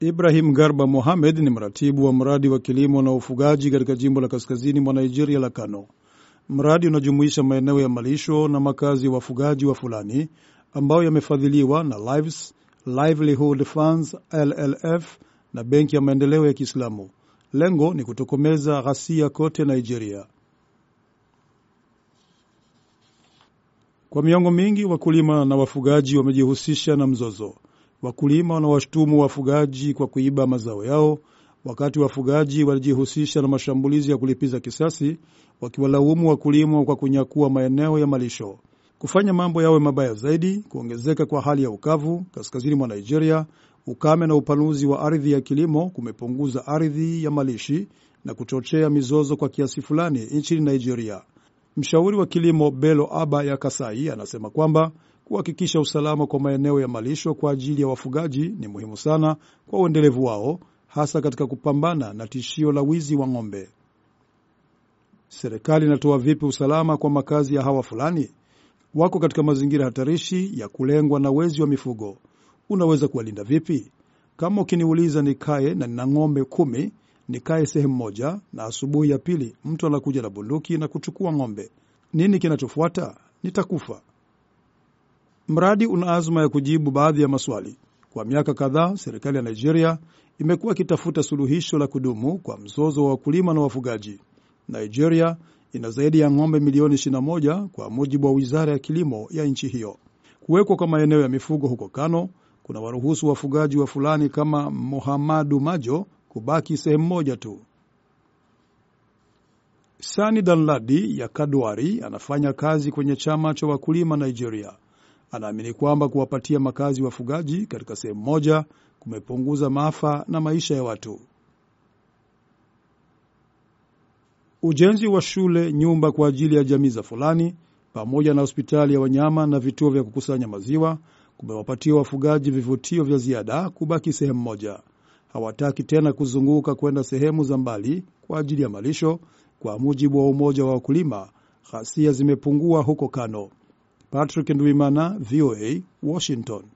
Ibrahim Garba Mohamed ni mratibu wa mradi wa kilimo na ufugaji katika jimbo la kaskazini mwa Nigeria la Kano. Mradi unajumuisha maeneo ya malisho na makazi ya wafugaji wa Fulani ambayo yamefadhiliwa na Lives Livelihood Funds LLF na Benki ya Maendeleo ya Kiislamu. Lengo ni kutokomeza ghasia kote Nigeria. Kwa miongo mingi, wakulima na wafugaji wamejihusisha na mzozo Wakulima wanawashutumu wafugaji kwa kuiba mazao yao, wakati wafugaji walijihusisha na mashambulizi ya kulipiza kisasi, wakiwalaumu wakulima kwa kunyakua maeneo ya malisho. Kufanya mambo yawe mabaya zaidi, kuongezeka kwa hali ya ukavu kaskazini mwa Nigeria, ukame na upanuzi wa ardhi ya kilimo kumepunguza ardhi ya malishi na kuchochea mizozo kwa kiasi fulani nchini Nigeria. Mshauri wa kilimo Bello Aba ya Kasai anasema kwamba Kuhakikisha usalama kwa maeneo ya malisho kwa ajili ya wafugaji ni muhimu sana kwa uendelevu wao, hasa katika kupambana na tishio la wizi wa ng'ombe. Serikali inatoa vipi usalama kwa makazi ya hawa fulani? Wako katika mazingira hatarishi ya kulengwa na wezi wa mifugo. Unaweza kuwalinda vipi? Kama ukiniuliza nikae na nina ng'ombe kumi, nikae sehemu moja, na asubuhi ya pili mtu anakuja na bunduki na kuchukua ng'ombe, nini kinachofuata? Nitakufa. Mradi una azma ya kujibu baadhi ya maswali. Kwa miaka kadhaa, serikali ya Nigeria imekuwa ikitafuta suluhisho la kudumu kwa mzozo wa wakulima na wafugaji. Nigeria ina zaidi ya ng'ombe milioni 21 kwa mujibu wa wizara ya kilimo ya nchi hiyo. Kuwekwa kwa maeneo ya mifugo huko Kano kuna waruhusu wafugaji wa fulani kama muhamadu Majo kubaki sehemu moja tu. Sani Danladi ya Kadwari anafanya kazi kwenye chama cha wakulima Nigeria. Anaamini kwamba kuwapatia makazi wafugaji katika sehemu moja kumepunguza maafa na maisha ya watu. Ujenzi wa shule, nyumba kwa ajili ya jamii za Fulani pamoja na hospitali ya wanyama na vituo vya kukusanya maziwa kumewapatia wafugaji vivutio vya ziada kubaki sehemu moja. Hawataki tena kuzunguka kwenda sehemu za mbali kwa ajili ya malisho. Kwa mujibu wa Umoja wa Wakulima, ghasia zimepungua huko Kano. Patrick Ndwimana, VOA, Washington.